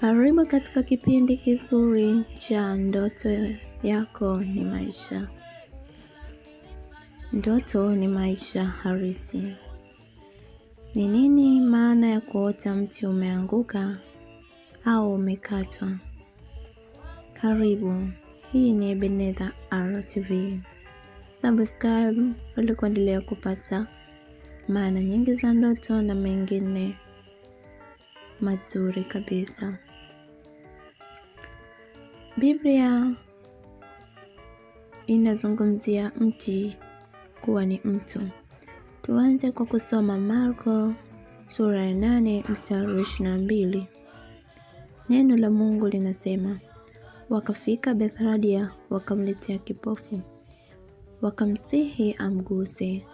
Karibu katika kipindi kizuri cha Ndoto Yako ni Maisha. Ndoto ni maisha harisi Ni nini maana ya kuota mti umeanguka au umekatwa? Karibu, hii ni Ebeneza RTV. Subscribe ili kuendelea kupata maana nyingi za ndoto na mengine mazuri kabisa. Biblia inazungumzia mti kuwa ni mtu. Tuanze kwa kusoma Marko sura ya nane mstari wa mbili Neno la Mungu linasema, wakafika bethradia wakamletea kipofu, wakamsihi amguse.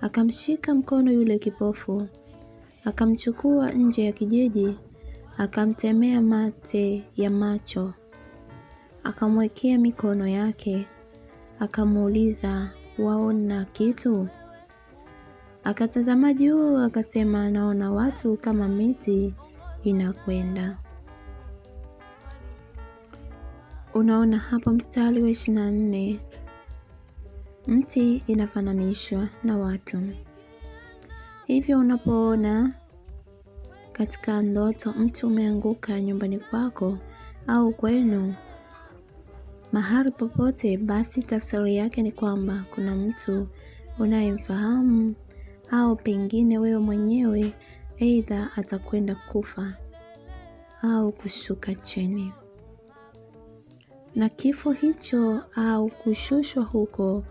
Akamshika mkono yule kipofu, akamchukua nje ya kijiji, akamtemea mate ya macho akamwekea mikono yake, akamuuliza waona kitu? Akatazama juu, akasema naona watu kama miti inakwenda. Unaona hapo mstari wa ishirini na nne mti inafananishwa na watu. Hivyo unapoona katika ndoto mtu umeanguka nyumbani kwako au kwenu mahali popote, basi tafsiri yake ni kwamba kuna mtu unayemfahamu au pengine wewe mwenyewe, aidha atakwenda kufa au kushuka chini, na kifo hicho au kushushwa huko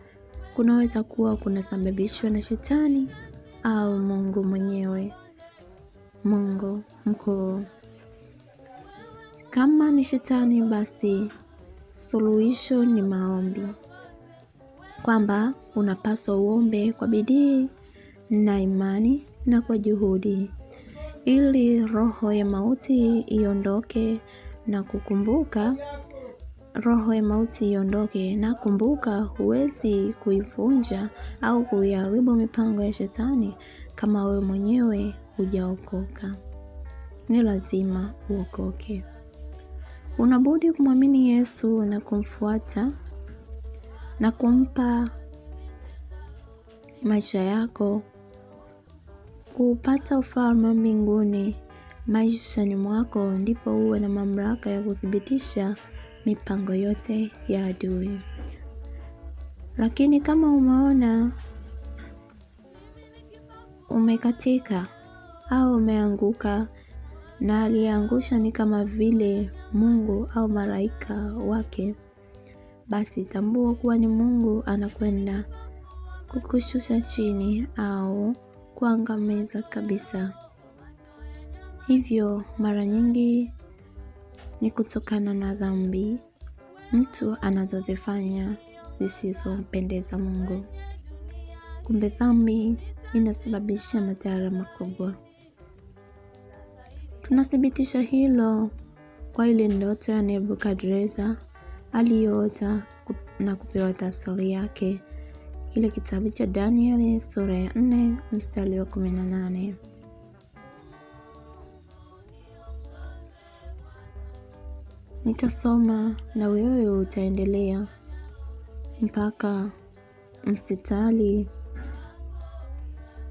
kunaweza kuwa kunasababishwa na shetani au Mungu mwenyewe, Mungu mkuu. Kama ni shetani, basi suluhisho ni maombi, kwamba unapaswa uombe kwa bidii na imani na kwa juhudi, ili roho ya mauti iondoke na kukumbuka roho ya mauti iondoke na kumbuka, huwezi kuivunja au kuiharibu mipango ya Shetani kama wewe mwenyewe hujaokoka. Ni lazima uokoke. Unabudi kumwamini Yesu na kumfuata na kumpa maisha yako kupata ufalme wa mbinguni maishani mwako, ndipo uwe na mamlaka ya kuthibitisha mipango yote ya adui. Lakini kama umeona umekatika au umeanguka na aliyeangusha ni kama vile Mungu au malaika wake, basi tambua kuwa ni Mungu anakwenda kukushusha chini au kuangamiza kabisa. Hivyo mara nyingi ni kutokana na dhambi mtu anazozifanya zisizompendeza Mungu. Kumbe dhambi inasababisha madhara makubwa. Tunathibitisha hilo kwa ile ndoto ya Nebukadreza aliyoota na kupewa tafsiri yake, ile kitabu cha Danieli sura ya 4 mstari wa 18. Nitasoma na wewe utaendelea mpaka msitali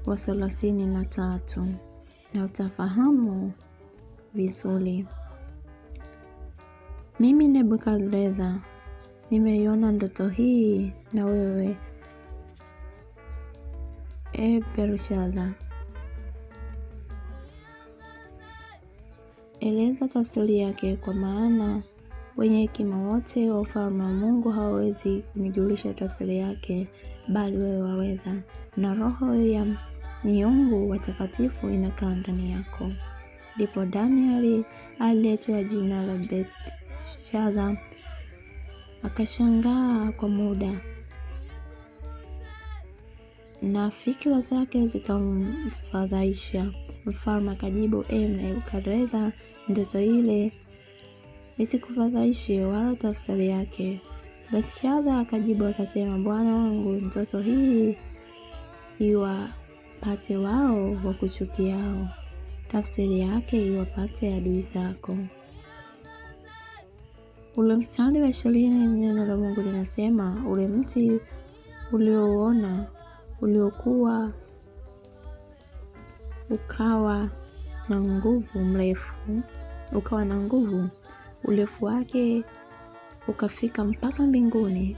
wa thelathini na tatu na utafahamu vizuri. Mimi Nebukadreza, nimeiona ndoto hii na wewe e Belshazar. Eleza tafsiri yake, kwa maana wenye hekima wote wa ufalme wa Mungu hawawezi kunijulisha tafsiri yake, bali wewe waweza, na roho ya miungu watakatifu inakaa ndani yako ndipo Danieli aliyeitwa jina la Belshaza akashangaa kwa muda, na fikira zake zikamfadhaisha. Mfalme akajibu, E Nebukadreza, ndoto ile isikufadhaishe wala tafsiri yake. Belshaza akajibu akasema, bwana wangu, ndoto hii iwapate wao wa kuchukiao tafsiri yake iwapate adui zako. Ule mstari wa ishirini, neno la Mungu linasema ule mti uliouona uliokuwa ukawa na nguvu mrefu ukawa na nguvu, urefu wake ukafika mpaka mbinguni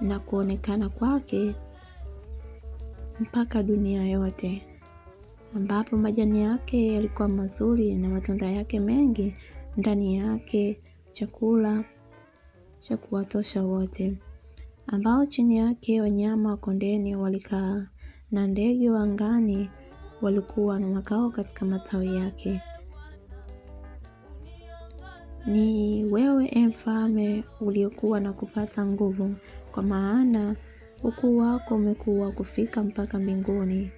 na kuonekana kwake mpaka dunia yote ambapo majani yake yalikuwa mazuri na matunda yake mengi ndani yake chakula cha kuwatosha wote, ambao chini yake wanyama wa kondeni walikaa na ndege wa angani walikuwa na makao katika matawi yake. Ni wewe e mfalme, uliokuwa na kupata nguvu, kwa maana ukuu wako umekuwa kufika mpaka mbinguni,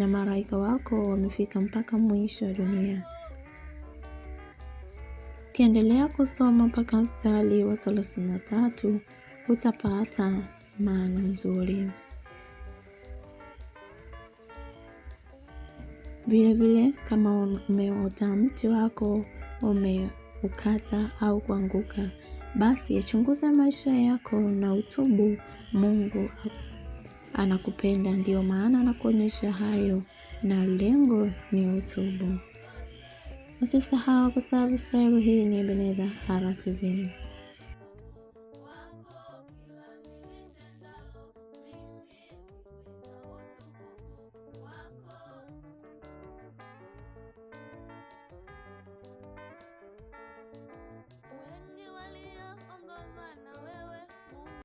na malaika wako wamefika mpaka mwisho wa dunia. Ukiendelea kusoma mpaka mstari wa thelathini na tatu utapata maana nzuri. Vilevile, kama umeota mti wako umeukata au kuanguka, basi yachunguza maisha yako na utubu, Mungu anakupenda, ndiyo maana anakuonyesha hayo, na lengo ni utubu. Usisahau kusubscribe. Hii ni Ebeneza Hara TV.